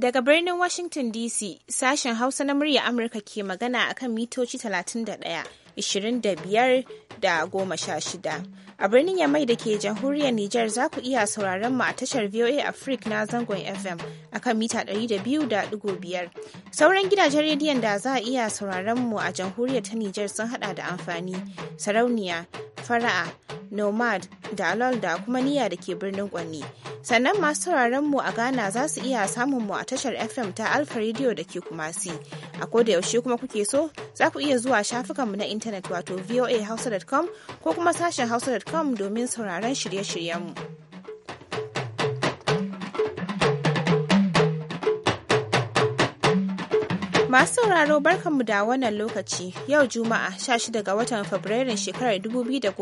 Daga birnin Washington DC, sashen Hausa na murya Amurka ke magana a kan mitoci 31, 25 da shida A birnin Yamai da ke jamhuriyar Nijar za ku iya sauraron mu a tashar VOA Africa na zangon FM akan mita 200.5. Sauran gidajen rediyon da za a iya sauraron mu a jamhuriyar ta Nijar sun hada da amfani, sarauniya, fara'a, nomad, da alol da kuma niyya da ke birnin Gwanni. Sannan masu sauraron mu a Ghana za su iya samun mu a tashar FM ta Alfa Radio da ke Kumasi. A koda yaushe kuma kuke so, za ku iya zuwa shafukanmu na intanet wato voahausa.com ko kuma sashen hausa.com domin sauraron shirye-shiryenmu. Masu sauraro barkanmu da wannan lokaci yau Juma'a 16 ga watan Fabrairun shekarar 2018.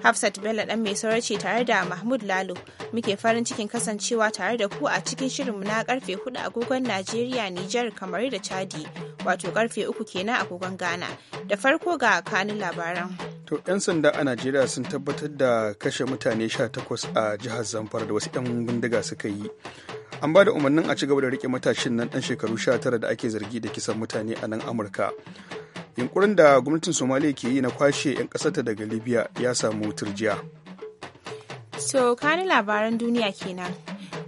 Hafsat Bello dan mai saurace tare da Mahmud Lalo muke farin cikin kasancewa tare da ku a cikin shirinmu na karfe 4 agogon Najeriya, Nijar, kamar da Chadi, wato karfe 3 kenan agogon Ghana. Da farko ga kanin labaran. To 'yan sanda a Najeriya sun tabbatar da kashe mutane 18 a jihar Zamfara da wasu 'yan bindiga suka yi. an ba da umarnin a ci gaba da rike matashin nan dan shekaru 19 da ake zargi da kisan mutane a nan amurka yunkurin da gwamnatin somaliya ke yi na kwashe 'yan ƙasarta daga libya ya samu turjiya so kani labaran duniya kenan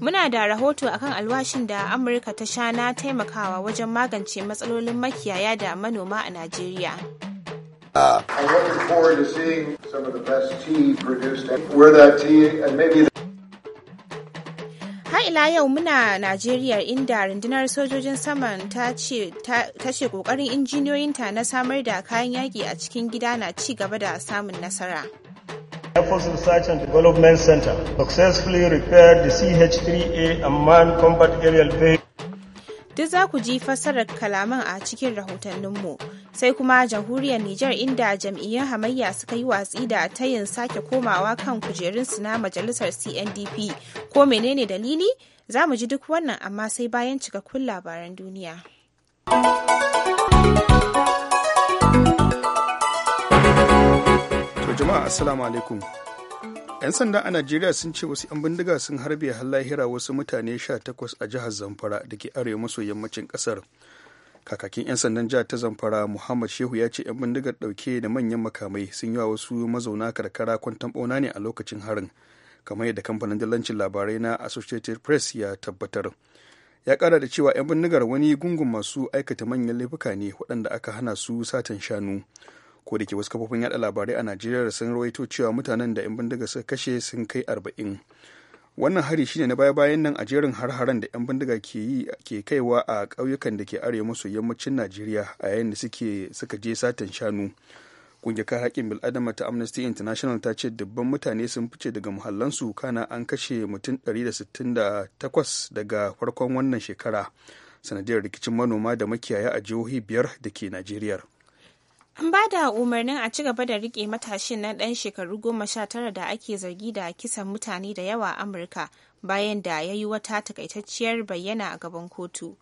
muna da rahoto akan alwashin da amurka ta sha na taimakawa wajen magance matsalolin makiyaya da manoma a najeriya uh, har ila yau muna najeriya inda rundunar sojojin saman ta ce kokarin injiniyoyinta na samar da kayan yaki a cikin gida na ci gaba da samun nasara Force Research and Development Center successfully repaired the CH-3A Amman Combat Aerial Vehicle duk za ku ji fassarar kalaman a cikin rahotanninmu sai kuma jamhuriyar Nijar inda jam'iyyun hamayya suka yi watsi da tayin sake komawa kan kujerunsu na majalisar CNDP ko menene dalili za mu ji duk wannan amma sai bayan cikakkun labaran duniya. jama'a assalamu alaikum 'yan sanda a najeriya sun ce wasu 'yan bindiga sun harbe lahira wasu mutane 18 a jihar zamfara da ke arewa maso yammacin kasar kakakin 'yan sandan jihar ta zamfara muhammad shehu ya ce 'yan bindigar dauke da manyan makamai sun yi wa wasu mazauna karkara kwantan bauna ne a lokacin harin kamar yadda kamfanin dillancin labarai na associated press ya tabbatar ya kara da cewa 'yan bindigar wani gungun masu aikata manyan laifuka ne waɗanda aka hana su satan shanu ko da ke wasu kafofin yada labarai a najeriya da sun rawaito cewa mutanen da 'yan bindiga suka kashe sun kai arba'in wannan hari shine na baya bayan nan a jerin har-haren da 'yan bindiga ke yi ke kaiwa a ƙauyukan da ke arewa maso yammacin najeriya a yayin da suke suka je satan shanu kungiyar kare haƙƙin bil'adama ta amnesty international ta ce dubban mutane sun fice daga muhallansu kana an kashe mutum ɗari da da sittin takwas daga farkon wannan shekara sanadiyar rikicin manoma da makiyaya a jihohi biyar da ke najeriya an ba da umarnin a ci gaba da rike matashin na ɗan shekaru goma sha tara da ake zargi da kisan mutane da yawa a amurka bayan da ya yi wata takaitacciyar bayyana a gaban kotu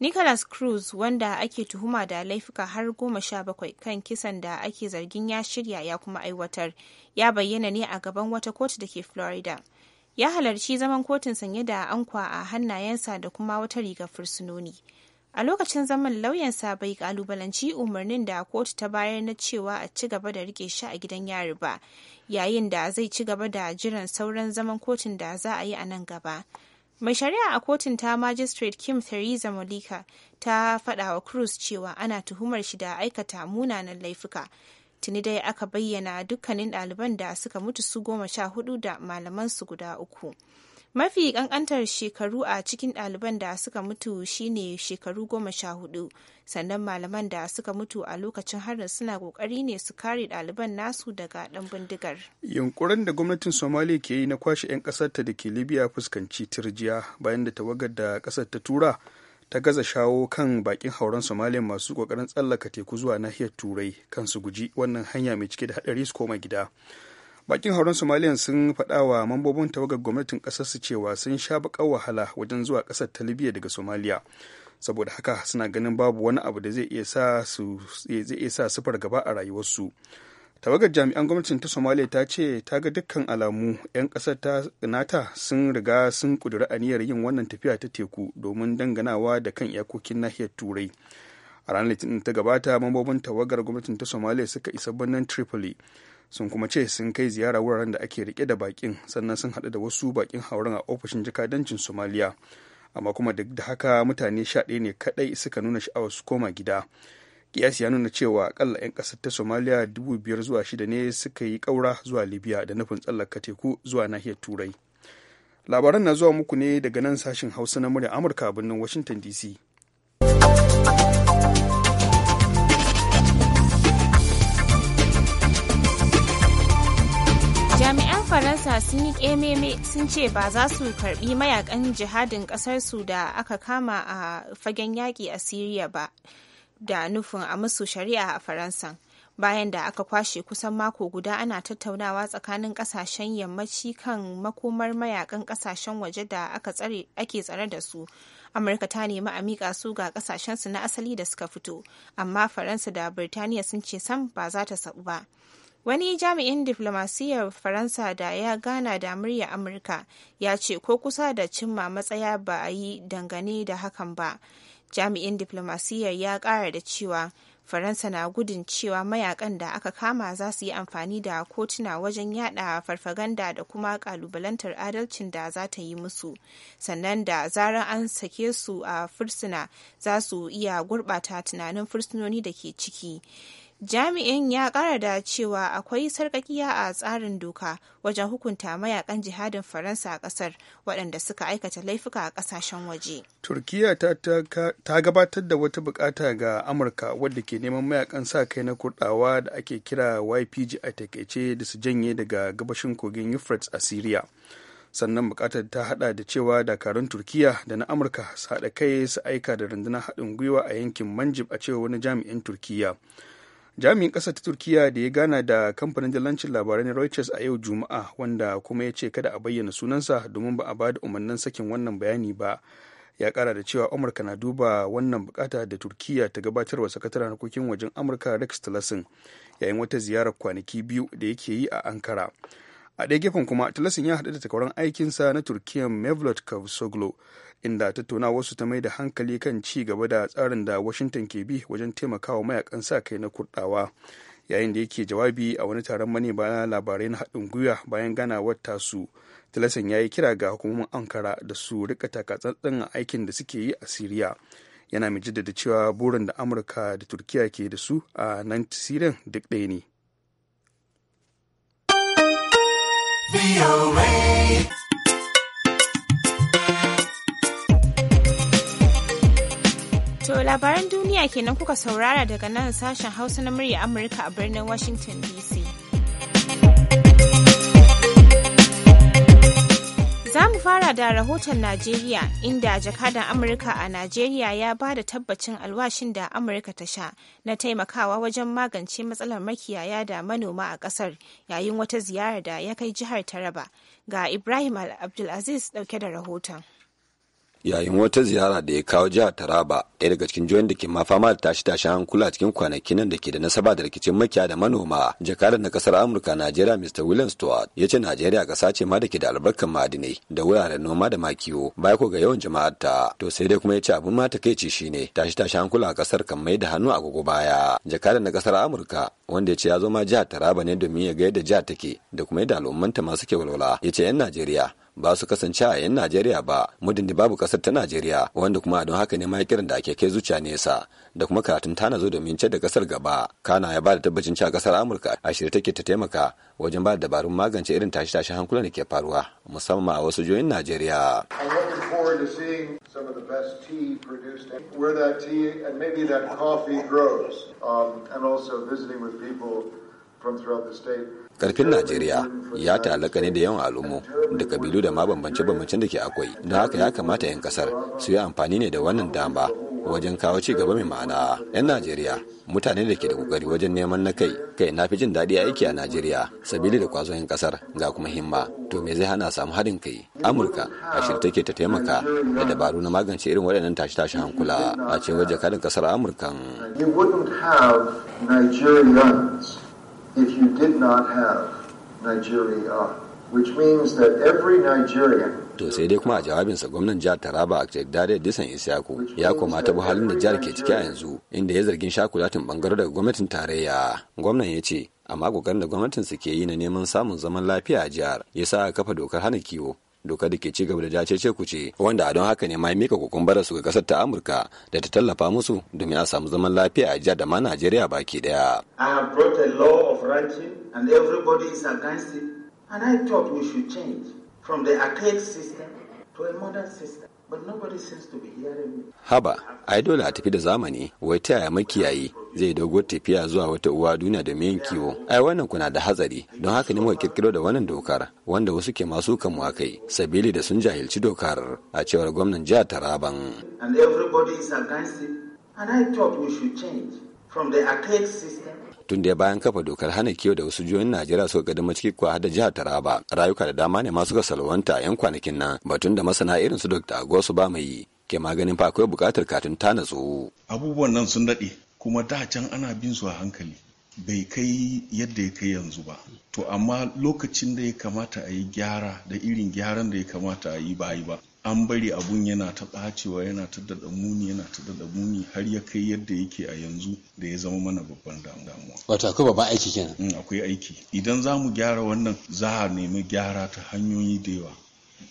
nicholas cruz wanda ake tuhuma da laifuka har goma sha bakwai kan kisan da ake zargin ya shirya ya kuma aiwatar ya bayyana ne a gaban wata kotu da ke florida ya halarci zaman kotun sanye da ankwa a hannayensa da kuma wata rigar fursunoni a lokacin zaman lauyansa bai kalubalanci umarnin da kotu ta bayar na cewa a ci gaba da rike shi a gidan yari ba yayin da zai ci gaba da jiran sauran zaman kotun da za a yi a nan gaba mai shari'a a kotun ta magistrate kim theresa molika ta faɗa wa cruz cewa ana tuhumar shi da aikata munanan laifuka tuni dai aka bayyana dukkanin ɗaliban da suka mutu su goma sha hudu da malaman su guda uku mafi kankantar shekaru a cikin ɗaliban da suka mutu shine shekaru goma sha hudu sannan malaman da suka mutu a lokacin harin suna kokari ne su kare ɗaliban nasu daga ɗan bindigar yunkurin da gwamnatin somali ke yi na kwashe 'yan ƙasarta da ke libya fuskanci turjiya bayan da tawagar da ƙasar ta tura ta gaza shawo kan bakin hauren somaliya masu kokarin tsallaka teku zuwa nahiyar turai kan su guji wannan hanya mai cike da haɗari su koma gida bakin hauren somaliyan sun faɗa wa mambobin tawagar gwamnatin ƙasar su cewa sun sha baƙar wahala wajen zuwa ƙasar ta libya daga somaliya saboda haka suna ganin babu wani abu da zai iya sa su gaba a rayuwarsu tawagar jami'an gwamnatin ta somaliya ta ce ta ga dukkan alamu 'yan ƙasar ta nata sun riga sun ƙudiri aniyar yin wannan tafiya ta teku domin danganawa da kan iyakokin nahiyar turai a ranar litinin ta gabata mambobin tawagar gwamnatin ta somaliya suka isa birnin tripoli sun kuma ce sun kai ziyara wuraren da ake rike da bakin sannan sun haɗu da wasu bakin hauren a ofishin jakadancin somaliya amma kuma duk da haka mutane sha ɗaya ne kaɗai suka nuna sha'awar su koma gida kiyasi ya nuna cewa akalla 'yan ƙasar ta somaliya dubu biyar zuwa shida ne suka yi ƙaura zuwa libya da nufin tsallaka teku zuwa nahiyar turai labaran na zuwa muku ne daga nan sashin hausa na murya amurka a birnin washington dc faransa sun yi kememe sun ce ba za su karbi mayakan jihadin kasarsu da aka kama a fagen yaƙi a siriya ba da nufin a musu shari'a a faransa bayan da aka kwashe kusan mako guda ana tattaunawa tsakanin kasashen yammaci kan makomar mayakan kasashen waje da ake tsare da su amurka ta nemi a mika su ga kasashensu na asali da suka fito amma faransa da birtaniya sun ce sam ba za ta sabu ba Wani jami'in diflomasiyyar Faransa da ya gana da murya Amurka ya ce ko kusa da cimma matsaya ba a yi dangane da hakan ba. Jami'in diflomasiyyar ya kara da cewa Faransa na gudun cewa mayakan da aka kama za su yi amfani da kotuna wajen yada farfaganda da kuma kalubalantar adalcin da za ta yi musu. Sannan da zarar an sake su a fursuna za su iya gurbata tunanin fursunoni da ke ciki. Jami'in ya kara da cewa akwai sarkakiya a tsarin doka wajen hukunta mayakan jihadin Faransa a kasar waɗanda suka aikata laifuka a ƙasashen waje. Turkiya ta, gabatar da wata bukata ga Amurka wadda ke neman mayakan sa kai na kurdawa da ake kira YPG a takaice da su janye daga gabashin kogin Euphrates a Syria. sannan bukatar ta hada da cewa dakarun turkiya da na amurka su haɗa kai su aika da rundunar haɗin gwiwa a yankin manjib a cewa wani jami'in turkiya jami'in ƙasar ta turkiya da ya gana da kamfanin jalancin labarai na reuters a yau juma'a wanda kuma ya ce kada a bayyana sunansa domin ba a ba da umarnin sakin wannan bayani ba ya kara da cewa amurka na duba wannan bukata da turkiya ta gabatar wa sakataren harkokin wajen amurka rex tillerson yayin wata ziyarar kwanaki biyu da yake yi a ankara a ɗaya gefen kuma tillerson ya haɗu da takwaran aikinsa na turkiya mevlot cavusoglu inda wasu ta mai da hankali kan ci gaba da tsarin da washington ke bi wajen taimakawa mayakan sa kai na kurdawa yayin da yake jawabi a wani taron manema labarai na haɗin gwiwa bayan ganawar tasu tilasan ya yi kira ga hukumomin ankara da su rika takatsantsan aikin da suke yi a siriya yana mai jaddada cewa burin da amurka da turkiya ke da su a nan siriyan duk ɗaya ne To labaran duniya kenan kuka saurara daga nan sashen Hausa na murya Amurka a birnin Washington DC. Za mu fara da rahoton Najeriya inda jakadan Amurka a Najeriya ya ba da tabbacin alwashin da Amurka ta sha na taimakawa wajen magance matsalar makiyaya da manoma a ƙasar yayin wata ziyara da ya kai jihar Taraba ga Ibrahim Abdulaziz ɗauke da rahoton. yayin wata ziyara da ya kawo jihar Taraba ɗaya daga cikin jihohin da ke ma fama da tashi tashen hankula cikin kwanakin nan da ke da nasaba da rikicin makiya da manoma jakadan na kasar Amurka Najeriya Mr William Stewart ya ce Najeriya ƙasa ce ma da ke da albarkar ma'adinai da wuraren noma da makiyo baya ko ga yawan jama'ar ta to sai dai kuma ya ce abin ma ta kai shi shine tashi tashen hankula a kasar kan mai da hannu gugu baya jakadan na kasar Amurka wanda ya ce ya zo ma jihar Taraba ne domin ya ga yadda jihar take da kuma yadda al'ummanta ma suke walwala ya ce 'yan Najeriya ba su kasance a yan Najeriya ba muddin da babu kasar ta Najeriya wanda kuma don haka ne ma kiran da ake kai zuciya nesa da kuma karatun tana zo domin ce da kasar gaba kana ya ba da tabbacin cewa kasar Amurka a shirye take ta taimaka wajen ba da dabarun magance irin tashe-tashen hankulan da ke faruwa musamman a wasu jiyoyin Najeriya. some of the best tea produced where um, and also visiting with people Karfin Najeriya ya ta'allaka ne da yawan al'ummu da kabilu da ma bambance-bambancen da ke akwai. da haka ya kamata 'yan kasar su yi amfani ne da wannan dama wajen kawo ci gaba mai ma'ana. 'Yan Najeriya mutane da ke da kokari wajen neman na kai kai na fi jin daɗi aiki a Najeriya sabili da kwazo 'yan kasar ga kuma himma. To me zai hana samu haɗin kai? Amurka a shirye take ta taimaka da dabaru na magance irin waɗannan tashe tashi hankula a cewar jakadin kasar Amurkan. if you did not have Nigeria, which means that every Nigerian to sai dai kuma a jawabinsa gwamnan jihar taraba a dare disan Isiyaku ya koma ta halin da jihar ke ciki a yanzu inda ya zargin shakulatin bangare daga gwamnatin tarayya gwamnan ya ce amma kokarin da gwamnatin su ke yi na neman samun zaman lafiya a jihar ya sa kafa dokar hana kiwo doka da ke ci gaba da jacece ce wanda a don haka ne ma mika kokumbarar su ga kasar ta Amurka da ta tallafa musu domin a samu zaman lafiya a jiya da ma Najeriya baki daya. I a law I Haba, ai dole a tafi da zamani, wai ta yaya makiyayi zai dogo tafiya zuwa wata uwa duniya da miyan kiwo ai wannan kuna da hatsari don haka ne muka kirkiro da wannan dokar wanda wasu ke masu kan mu akai sabili da sun jahilci dokar a cewar gwamnan jihar Taraban and tun da bayan kafa dokar hana kiwo da wasu jihohin Najeriya suka kadama ciki kwa hada jihar Taraba rayuka da dama ne masu suka salwanta yan kwanakin nan batun da masana irin su Dr. Agosu ba mai ke maganin fa akwai bukatar katun ta natsu abubuwan nan sun dade kuma da can ana bin su a hankali bai kai yadda ya kai yanzu ba to amma lokacin da ya kamata a yi gyara da irin gyaran da ya kamata a yi ba ba an bari abun yana ta ɓacewa yana ta daɗa muni yana ta daɗa muni har ya kai yadda yake a yanzu da ya zama mana babban damuwa wato akwai babban aiki kenan mm, akwai aiki idan za mu gyara wannan za a nemi gyara ta hanyoyi da yawa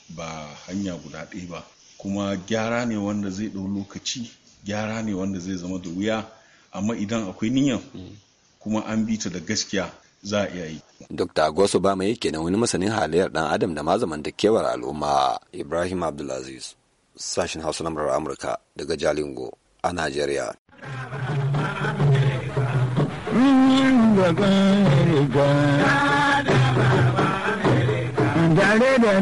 ba hanya guda ɗaya ba kuma gyara ne wanda zai ɗau lokaci gyara ne wanda zai zama da wuya amma idan akwai niyyar mm. kuma an bi ta da gaskiya za a iya yi. Dokta Agosu Bama yake na wani masanin halayyar dan Adam da ma zamantakewar al'umma Ibrahim Abdulaziz sashen Hausa na Amurka daga Jalingo a Najeriya. Tare da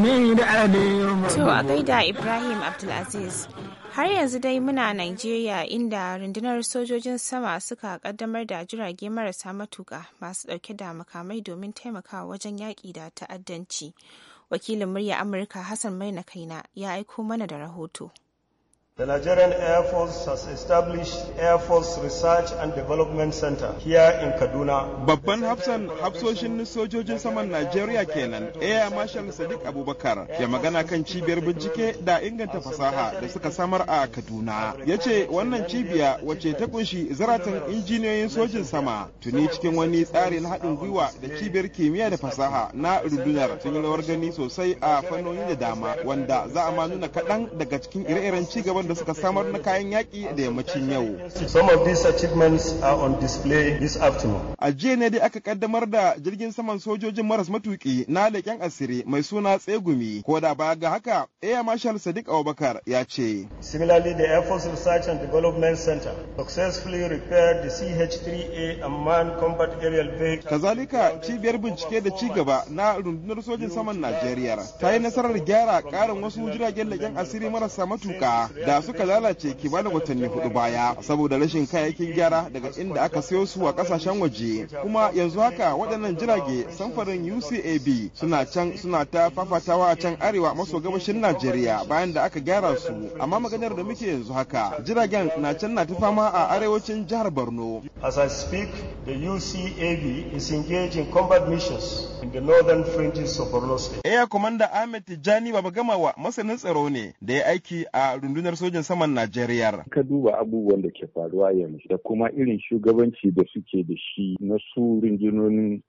gaida Ibrahim Abdulaziz har yanzu dai muna Najeriya inda rundunar sojojin sama suka kaddamar da jirage marasa matuka masu dauke da makamai domin taimakawa wajen yaƙi da ta'addanci. Wakilin murya Amurka Hassan Maina Kaina ya aiko mana da rahoto. The Nigerian Air Force has established Air Force Research and Development Center here in Kaduna. Babban hafsan hafsoshin sojojin saman Najeriya kenan Air Marshal Sadiq Abubakar ya magana kan cibiyar bincike da inganta fasaha da suka samar a Kaduna. Ya ce wannan cibiya wace ta kunshi zaratan injiniyoyin sojin sama tuni cikin wani tsari na haɗin gwiwa da cibiyar kimiyya da fasaha na rundunar sun yi rawar gani sosai a fannoni da dama wanda za a ma nuna kaɗan daga cikin ire-iren cigaba abubuwan da suka samar na kayan yaki da yammacin yau. Some of these achievements are on display this afternoon. A jiya ne dai aka kaddamar da jirgin saman sojojin maras matuƙi na leƙen asiri mai suna tsegumi ko da baya ga haka Air Marshal Sadiq Abubakar ya ce. Similarly, the Air Force Research and Development Center successfully repaired the CH-3A Amman Combat Aerial Vehicle. Kazalika cibiyar bincike da ci gaba na rundunar sojin saman Najeriya ta yi nasarar gyara ƙarin wasu jiragen leƙen asiri marasa matuƙa da da suka lalace bada watanni hudu baya saboda rashin kayayyakin gyara daga inda aka sayo su a kasashen waje kuma yanzu haka waɗannan jirage samfarin ucab suna can suna ta fafatawa a can arewa maso gabashin najeriya bayan da aka gyara su amma maganar da muke yanzu haka jiragen na can na ta fama a arewacin jihar borno as i speak the ucab is engaging combat missions in the northern fringes of borno state air commander ahmed tijjani babagamawa masanin tsaro ne da ya aiki a rundunar sojin saman Najeriya. Ka duba abubuwan da ke faruwa yanzu da kuma irin shugabanci da suke da shi na su rundunonin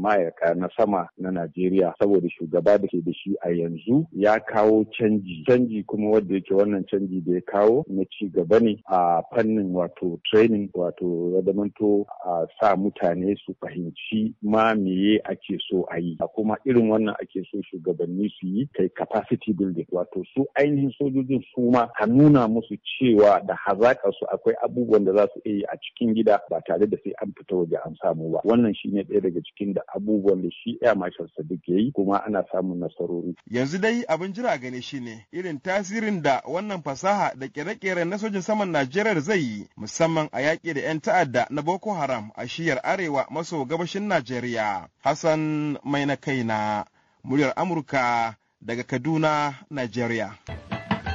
mayaka na sama na Najeriya saboda shugaba da ke da shi a yanzu ya kawo canji. Canji kuma wanda yake wannan canji da ya kawo na ci gaba ne a fannin wato training wato ya a sa mutane su fahimci ma meye ake so a yi. Kuma irin wannan ake so shugabanni su yi kai capacity building wato su ainihin sojojin su ma ka nuna musu cewa da hazaƙa su akwai abubuwan da za su iya yi a cikin gida ba tare da sai an fita waje an samu ba wannan shine ɗaya daga cikin da abubuwan da shi ya marshal sadiq ya yi kuma ana samun nasarori yanzu dai abin jira gani shine irin tasirin da wannan fasaha da kere-kere na sojin saman najeriya zai yi musamman a yaƙi da 'yan ta'adda na boko haram a shiyar arewa maso gabashin najeriya hassan mai na kaina muryar amurka daga kaduna najeriya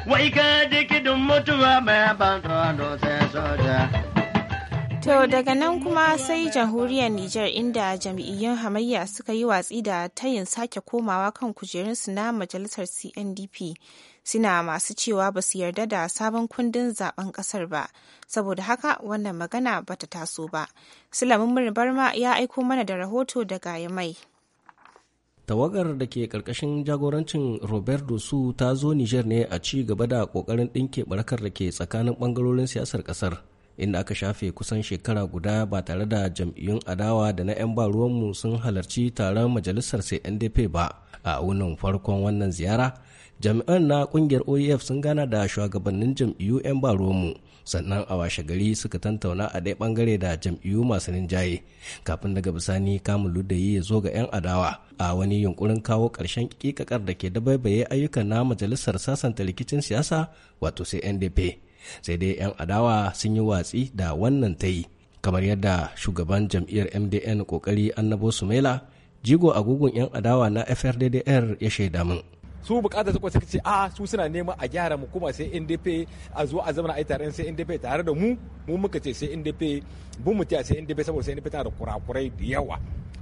wai ka mutuwa mai ban tsoro sai soja. To daga nan kuma sai jamhuriyar Nijar inda jam'iyyun hamayya suka yi watsi da tayin sake komawa kan kujerunsu na majalisar CNDP suna masu cewa ba su yarda da sabon kundin zaben kasar ba saboda haka wannan magana bata taso ba. Sulamin Barma ya aiko mana da rahoto daga Yamai. tawagar da ke karkashin jagorancin roberto su ta zo niger ne a ci gaba da kokarin ɗinke barakar da ke tsakanin bangarorin siyasar ƙasar inda aka shafe kusan shekara guda ba tare da jam'iyyun adawa da na 'yan ba ruwanmu sun halarci taron majalisar sai ndp ba a wunin farkon wannan ziyara jami'an na kungiyar oef sun gana da shugabannin jam'iyyu 'yan baromu sannan a washe gari suka tantauna a ɗaya bangare da jam'iyyu masu rinjaye kafin daga bisani kamun ludayi ya zo ga 'yan adawa a wani yunkurin kawo ƙarshen kikakar da ke dabaibaye ayyukan na majalisar sasanta rikicin siyasa wato sai ndp sai dai 'yan adawa sun yi watsi da wannan ta yi kamar yadda shugaban jam'iyyar mdn kokari annabo Sumela jigo agogon 'yan adawa na frddr ya shaida min su bukatar su kwasa ce a ah, su suna nema a gyara mu kuma sai NDP a zo a zama ai taron sai NDP tare da mu mu muka ce sai NDP bu mu ta sai NDP saboda sai NDP tana da kurakurai da yawa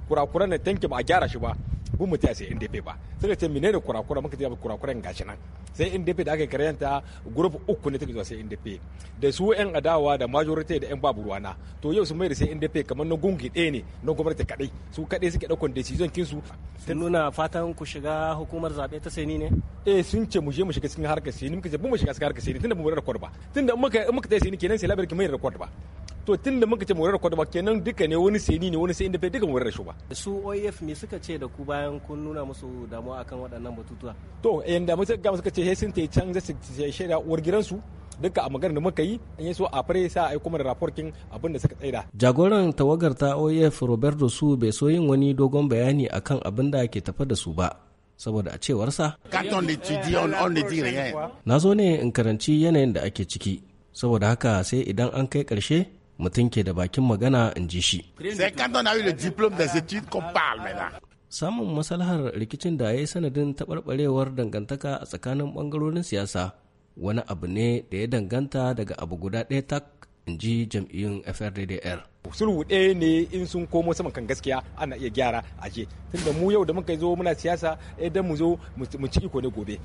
kurakuran ne tanki ba a gyara shi ba bu mu sai NDP ba sai da ce menene kurakura muka ce kurakuran gashi nan sai NDP da aka karyanta group uku ne take zuwa sai NDP da su yan adawa da majority da yan babu ruwana to yau su mai da sai NDP kamar na gungi ɗaya ne na gwamnati kadai su kadai suke daukan decision kin su sun nuna fatan ku shiga hukumar zabe ta sai ne eh sun ce mu je mu shiga cikin harkar sai ni muka ce bu mu shiga cikin harkar sai ni tunda mu da record ba tunda muka muka in sai ni kenan sai labarin ki mai record ba to tun da muka ce morar kwada ba kenan duka ne wani seni ne wani sai inda duka morar shi ba su oif ne suka ce da ku bayan kun nuna musu damuwa akan waɗannan batutuwa to yanda eh, masu ga suka ce sai sun tai can su shaida uwar gidansu duka a maganar da muka yi an yi so a fare sa a yi kuma da raporkin abin da suka tsaida. Jagoran tawagar ta oif Roberto Su bai so yin wani dogon bayani akan abin da ke tafa da su ba. Saboda a cewarsa, na zo ne in karanci yanayin da ake ciki, saboda haka sai idan an kai karshe mutum ke da bakin magana in ji shi. Samun masalahar rikicin da ya yi sanadin taɓarɓarewar dangantaka a tsakanin ɓangarorin siyasa wani abu ne da ya danganta daga abu guda ɗaya tak in ji jam'iyyun FRDDR. Sulhu ɗaya ne in sun komo sama kan gaskiya ana iya gyara aje tunda mu yau da muka zo muna siyasa idan eh, mu zo mu ci iko ne gobe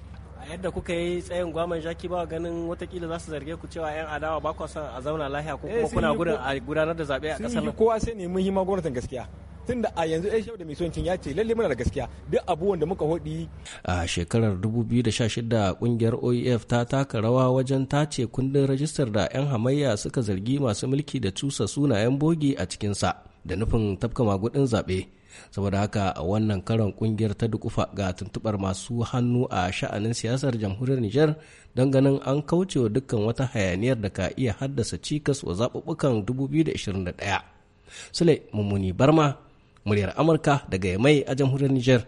yadda kuka yi tsayin gwaman jaki ba ganin watakila za su zarge ku cewa yan adawa ba ku son a zauna lahiya ko kuma eh, kuna gudun a gudanar da zaɓe a kasar nan kowa sai ne hima gwamnatin gaskiya tunda a yanzu ɗan da mai ya ce lalle muna da gaskiya duk abubuwan da muka hodi a shekarar 2016 kungiyar oef ta taka rawa wajen tace kundin rajistar da 'yan hamayya suka zargi masu mulki da cusa sunayen bogi a cikinsa da nufin tafka magudin zaɓe saboda haka a wannan karon kungiyar ta dukufa ga tuntubar masu hannu a sha'anin siyasar jamhuriyar nijar don ganin an kauce wa dukkan wata hayaniyar da ka iya haddasa cikas wa zaɓuɓɓukan 2021 sule mummuni barma muryar amurka daga yamai a jamhuriyar nijar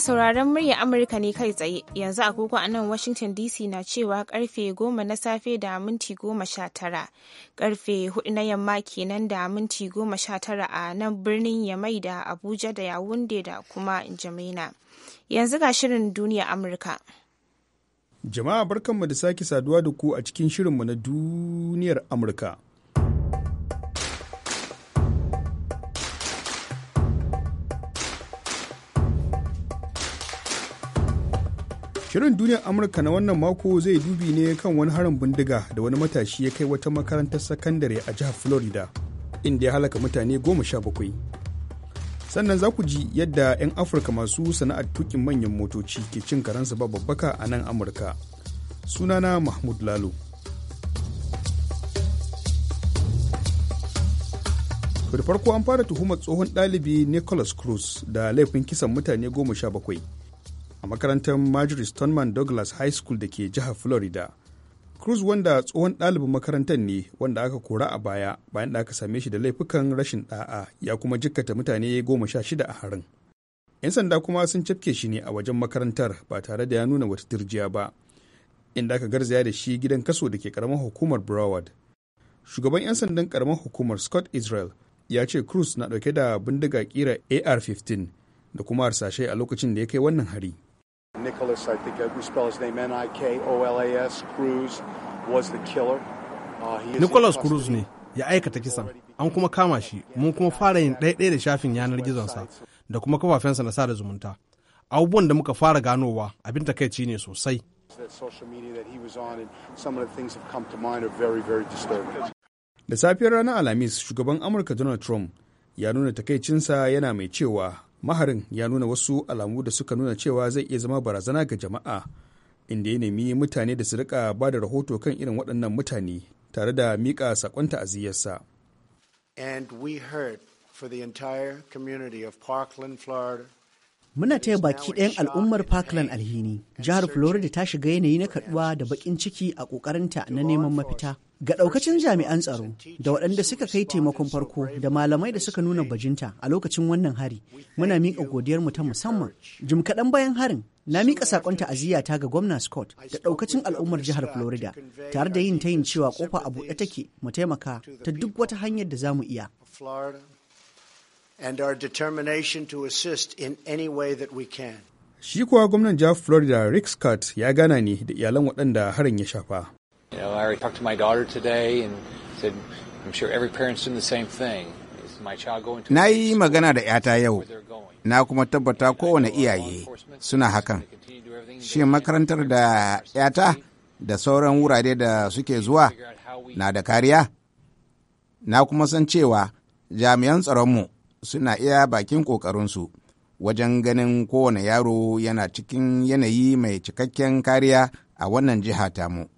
sauraron murya Amurka ne kai tsaye yanzu agogo a nan Washington DC na cewa karfe goma na safe da minti goma sha tara. Karfe hudu na yamma kenan da minti goma sha tara a nan birnin Yamai da Abuja da Yawunde da kuma Jamaina. Yanzu ga shirin duniya Amurka. Jama'a barkanmu da sake saduwa da ku a cikin shirinmu na duniyar Amurka. Shirin duniyar Amurka na wannan mako zai dubi ne kan wani harin bindiga da wani matashi ya kai wata makarantar sakandare a jihar Florida, inda ya halaka mutane goma sha bakwai. Sannan za ku ji yadda 'yan Afirka masu sana'ar tukin manyan motoci ke cin karansu ba babbaka a nan Amurka. Sunana Mahmud Lalo. da farko an fara tuhumar tsohon ɗalibi Nicholas Cruz da laifin kisan mutane goma sha bakwai. a makarantar Marjorie Stoneman Douglas High School da ke jihar Florida. Cruz wanda tsohon ɗalibin makarantar ne wanda aka kora a baya bayan da aka same shi da laifukan rashin ɗa'a ya kuma jikkata mutane goma sha shida a harin. 'Yan sanda kuma sun cafke shi ne a wajen makarantar ba tare da ya nuna wata turjiya ba, inda aka garzaya da shi gidan kaso da ke karamar hukumar Broward. Shugaban 'yan sandan karamar hukumar Scott Israel ya ce Cruz na ɗauke da bindiga kira AR-15 da kuma harsashe a lokacin da ya kai wannan hari. Nicholas, I think we spell his name N-I-K-O-L-A-S, Cruz was the killer. Uh, Nicholas Cruz ne ya aikata kisan, an kuma kama shi, mun kuma fara yin ɗaiɗaya da shafin yanar gizonsa da kuma kafafensa na sada zumunta. Abubuwan da muka fara ganowa abin takaici ne sosai. Da safiyar ranar Alhamis, shugaban Amurka Donald Trump ya nuna takaicinsa yana mai cewa maharin ya nuna wasu alamu da suka nuna cewa zai iya zama barazana ga jama'a inda ya nemi mutane da su rika ba da rahoto kan irin waɗannan mutane tare da miƙa saƙon ta'aziyarsa And we heard for the entire community of Parkland, Florida, Muna taya baki ɗayan al'ummar Parkland alhini. Jihar Florida ta shiga yanayi na kaduwa da bakin ciki a ƙoƙarinta na neman mafita. Ga ɗaukacin jami'an tsaro da waɗanda suka kai taimakon farko da malamai da suka nuna bajinta a lokacin wannan hari, muna miƙa mu ta musamman. Jim kaɗan bayan harin, na miƙa saƙon ta ga gwamna Scott da ɗaukacin al'ummar jihar Florida, tare da yin tayin cewa ƙofa a buɗe take mu taimaka ta duk wata hanyar da za mu iya. and our determination to assist in any way that we can. Shi kuwa gwamnan jihar Florida Rick Scott ya gana ne da iyalan waɗanda harin ya shafa. to my daughter today and said, I'm sure Na yi magana da ‘yata yau, na kuma tabbata kowane iyaye suna hakan. Shi makarantar da ‘yata da sauran wurare da suke zuwa na da kariya? Na kuma san cewa jami'an tsaronmu suna iya bakin ƙoƙarinsu wajen ganin kowane yaro yana cikin yanayi mai cikakken kariya a wannan jiha tamu.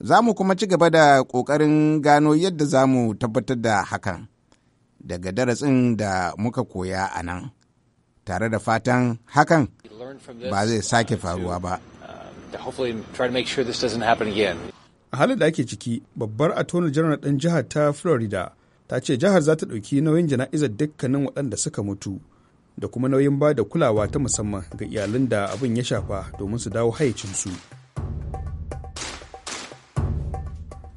Za mu kuma ci gaba da ƙoƙarin gano yadda za mu tabbatar da hakan daga darasin da muka koya a nan, tare da fatan hakan ba zai sake faruwa ba. Uh, a halin da ake ciki, babbar attorney janar ɗan jiha ta Florida ta ce jihar za ta ɗauki nauyin jana'izar dukkanin waɗanda suka mutu da kuma nauyin ba da kulawa ta musamman ga iyalan da abin ya shafa domin su dawo haicinsu.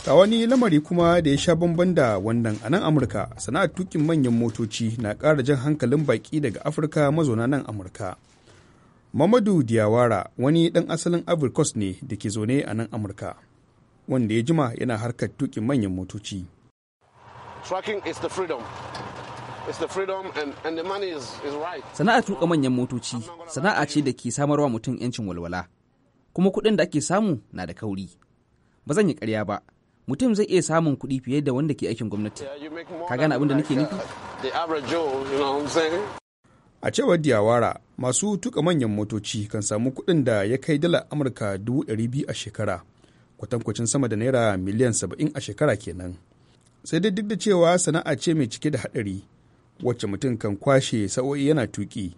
ta wani lamari kuma da ya sha bamban da wannan a nan amurka sana'ar tukin manyan motoci na ƙara jan hankalin baƙi daga afirka mazauna nan amurka mamadu diawara wani ɗan asalin Coast ne da ke zaune a nan amurka wanda ya jima yana harkar tukin manyan motoci Fracking is the freedom. Sana'ar tuka manyan motoci sana'a ce da ke samarwa mutum 'yancin walwala, kuma kuɗin da ake samu na da kauri. Ba zan yi karya ba, mutum zai iya samun kuɗi fiye da wanda ke aikin gwamnati. Ka gane abin da nake nufi? Uh, a cewar Diawara, masu tuka manyan motoci kan samu kuɗin da ya kai dala Amurka dubu ɗari biyu a shekara, kwatankwacin sama da naira miliyan saba'in a shekara kenan. sai dai duk da cewa sana'a ce mai cike da haɗari wacce mutum kan kwashe sa'o'i yana tuƙi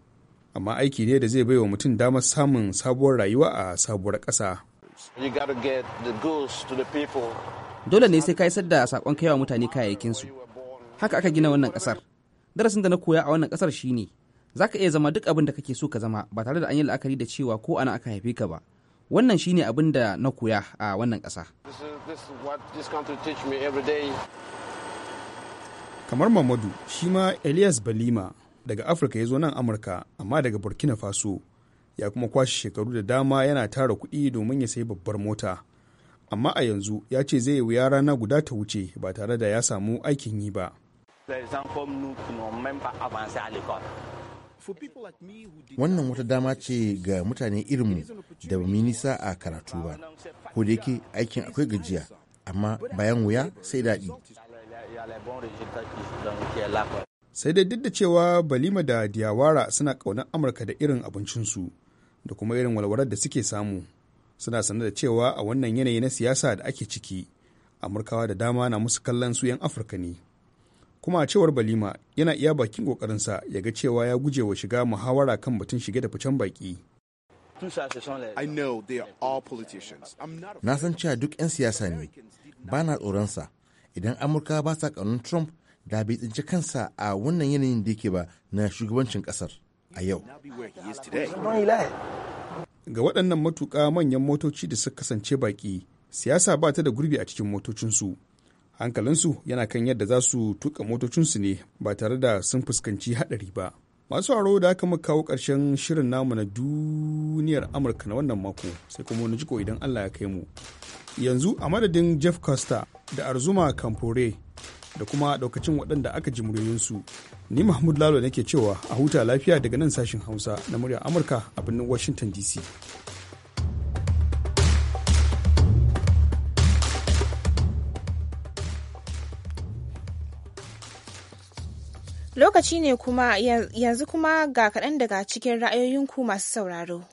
amma aiki ne da zai baiwa mutum damar samun sabuwar rayuwa a sabuwar ƙasa dole ne sai ka isar da saƙon kaiwa mutane kayayyakin su haka aka gina wannan ƙasar darasin da na koya a wannan ƙasar shine za ka iya zama duk abin da kake so ka zama ba tare da an yi la'akari da cewa ko ana aka haife ka ba wannan shine abin da na koya a wannan ƙasa kamar mamadu shi ma elias balima daga afirka ya zo nan amurka amma daga burkina faso ya kuma kwashe shekaru da dama yana tara kuɗi domin ya sayi babbar mota amma a yanzu ya ce zai wuya rana guda ta wuce ba tare da ya samu aikin yi ba Wannan wata dama ce ga mutane irinmu da ba nisa a karatu ba, ko da yake aikin akwai gajiya, amma bayan wuya sai daɗi. Sai dai duk da cewa Balima da Diyawara suna ƙaunar Amurka da irin abincinsu da kuma irin walwalar da suke samu, suna sanar da cewa a wannan yanayi na siyasa da ake ciki, Amurkawa da dama na musu kallon su 'yan Afirka ne. kuma a cewar balima yana iya bakin kokarinsa ya ga cewa ya guje wa shiga muhawara kan batun shige da ficen baki na san cewa duk 'yan siyasa ne ba na tsoronsa idan amurka ba sa kanun trump da bai tsinci kansa a wannan yanayin da yake ba na shugabancin kasar a yau ga waɗannan matuƙa manyan motoci da suka kasance baƙi siyasa ba ta da gurbi a cikin motocinsu hankalinsu yana kan yadda za su tuka motocinsu ne ba tare da sun fuskanci haɗari ba masu aro da aka kawo ƙarshen shirin namu na duniyar amurka na wannan mako sai kuma wani jiko idan allah ya kai mu yanzu a madadin jeff costa da arzuma kamfore da kuma daukacin waɗanda aka ji muryoyinsu ni mahmud lalo nake cewa a huta lafiya daga nan sashin hausa na muryar amurka a birnin washington dc Lokaci ne kuma yanzu kuma ga kaɗan daga cikin ra'ayoyinku masu sauraro.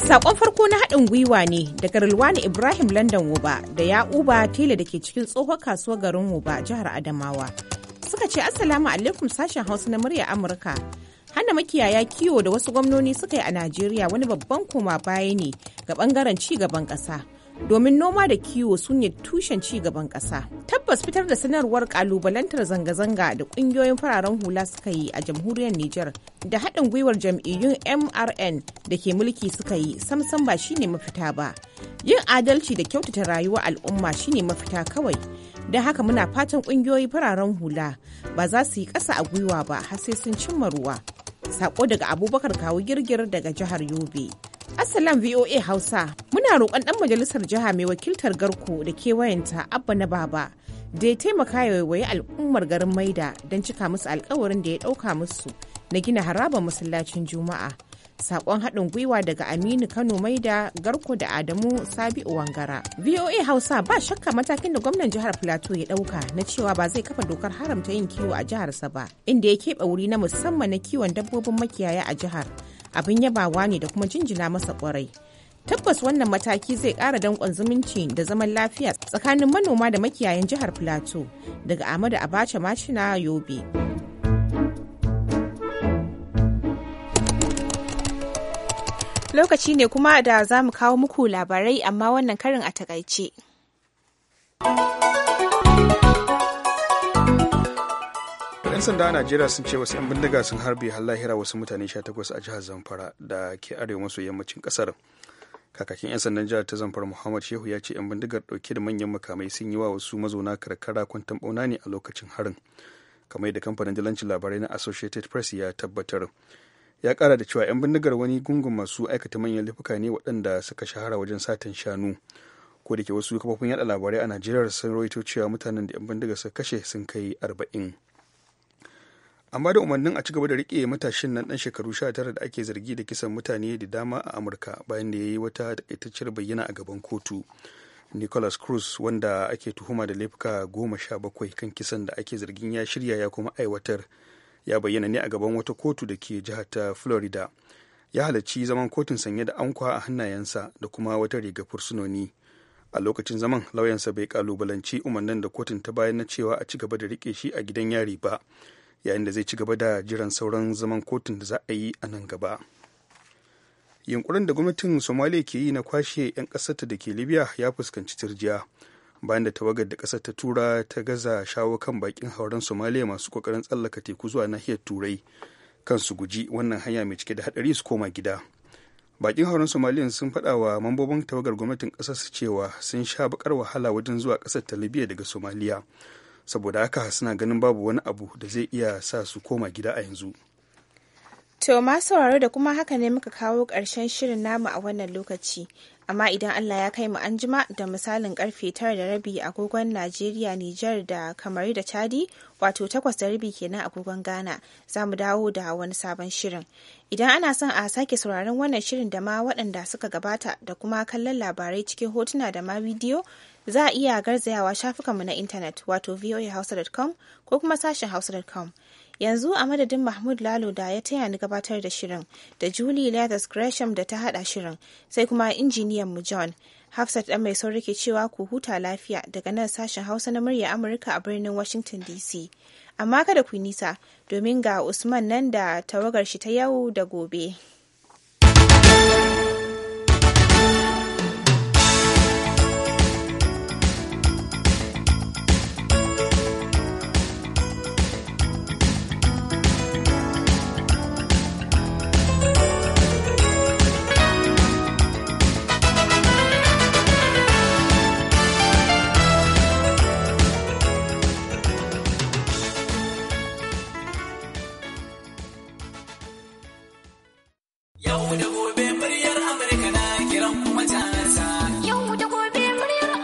Sakon farko na haɗin gwiwa ne daga Rilwani Ibrahim London Wuba da ya Uba tela da ke cikin tsohon kasuwar garin Wuba jihar Adamawa. Suka ce Assalamu alaikum sashen Hausa na murya Amurka. Hana makiyaya kiwo da wasu gwamnoni suka yi a Najeriya wani babban koma baya ne ga ɓangaren ci gaban ƙasa. domin noma da kiwo sune tushen ci gaban ƙasa. Tabbas fitar da sanarwar kalubalantar zanga-zanga da ƙungiyoyin fararen hula suka yi a jamhuriyar Nijar da haɗin gwiwar jam'iyyun MRN da ke mulki suka yi samsam ba shine mafita ba. Yin adalci da kyautata rayuwar al'umma shine mafita kawai. Don haka muna fatan ƙungiyoyi fararen hula ba za su yi ƙasa a gwiwa ba har sai sun cimma ruwa. Sako daga Abubakar Kawu Girgir daga jihar Yobe. Assalam VOA Hausa, muna roƙon ɗan majalisar jiha mai wakiltar garko da kewayenta Abba na Baba da ya taimaka ya waiwayi al'ummar garin Maida don cika musu alkawarin da ya ɗauka musu na gina harabar masallacin Juma'a. saƙon haɗin gwiwa daga Aminu Kano Maida Garko da Adamu Sabi'u Wangara. VOA Hausa ba shakka matakin da gwamnan jihar Filato ya ɗauka na cewa ba zai kafa dokar haramta yin kiwo a jiharsa ba, inda ya keɓe wuri na musamman na kiwon dabbobin makiyaya a jihar. abin yabawa ne da kuma jinjina masa kwarai tabbas wannan mataki zai kara danƙon zumunci da zaman lafiya tsakanin manoma da makiyayan jihar plateau daga amadu abacha mashina yobe lokaci ne kuma da za mu kawo muku labarai amma wannan karin a takaice. 'yan sanda a najeriya sun ce wasu 'yan bindiga sun harbe lahira wasu mutane 18 a jihar zamfara da ke arewa maso yammacin kasar kakakin 'yan sandan jihar ta zamfara muhammad shehu ya ce 'yan bindigar dauke da manyan makamai sun yi wa wasu mazauna karkara kwantan bauna ne a lokacin harin kamar da kamfanin dalancin labarai na associated press ya tabbatar ya kara da cewa 'yan bindigar wani gungun masu aikata manyan laifuka ne waɗanda suka shahara wajen satin shanu ko da ke wasu kafofin yada labarai a najeriya sun rawaito cewa mutanen da 'yan bindigar suka kashe sun kai arba'in. amma da umarnin a ci da rike matashin nan dan shekaru 19 da ake zargi da kisan mutane da dama a amurka bayan da ya yi wata takaitacciyar bayyana a gaban kotu nicholas cruz wanda ake tuhuma da laifuka goma sha bakwai kan kisan da ake zargin ya shirya ya kuma aiwatar ya bayyana ne a gaban wata kotu da ke jihar ta florida ya halarci zaman kotun sanye da ankwa a hannayensa da kuma wata riga fursunoni a lokacin zaman lauyansa bai kalubalanci umarnin da kotun ta bayan na cewa a ci gaba da rike shi a gidan yari ba yayin da zai ci gaba da jiran sauran zaman kotun da za a yi a nan gaba yunkurin da gwamnatin somalia ke yi na kwashe 'yan ƙasarta da ke libya ya fuskanci turjiya bayan da tawagar da ƙasar ta tura ta gaza shawo kan bakin hauren somalia masu kokarin tsallaka teku zuwa nahiyar turai kan su guji wannan hanya mai cike da haɗari su koma gida bakin hauren somalia sun faɗa wa mambobin tawagar gwamnatin ƙasar su cewa sun sha bakar wahala wajen zuwa ƙasar ta libya daga somaliya saboda haka suna ganin babu wani abu da zai iya sa su koma gida a yanzu to masu sauraro da kuma haka ne muka kawo ƙarshen shirin namu a wannan lokaci amma idan allah ya kai mu an jima da misalin karfe tara da rabi agogon najeriya nijar da kamari da chadi wato takwas da rabi kenan agogon ghana za mu dawo da wani sabon shirin idan ana son a sake sauraron wannan shirin da ma waɗanda suka gabata da kuma kallon labarai cikin hotuna da ma bidiyo za a iya garzayawa shafukanmu na intanet wato voahausa.com ko kuma sashen hausa.com. Yanzu a madadin Mahmud Lalo da ya taya ni gabatar da shirin da Julie Leathers Gresham da ta hada shirin sai kuma injiniyan mu John. Hafsat ɗan mai sauri ke cewa ku huta lafiya daga nan sashen Hausa na murya Amurka a birnin Washington DC. Amma kada ku nisa domin ga Usman nan da tawagar shi ta yau da gobe.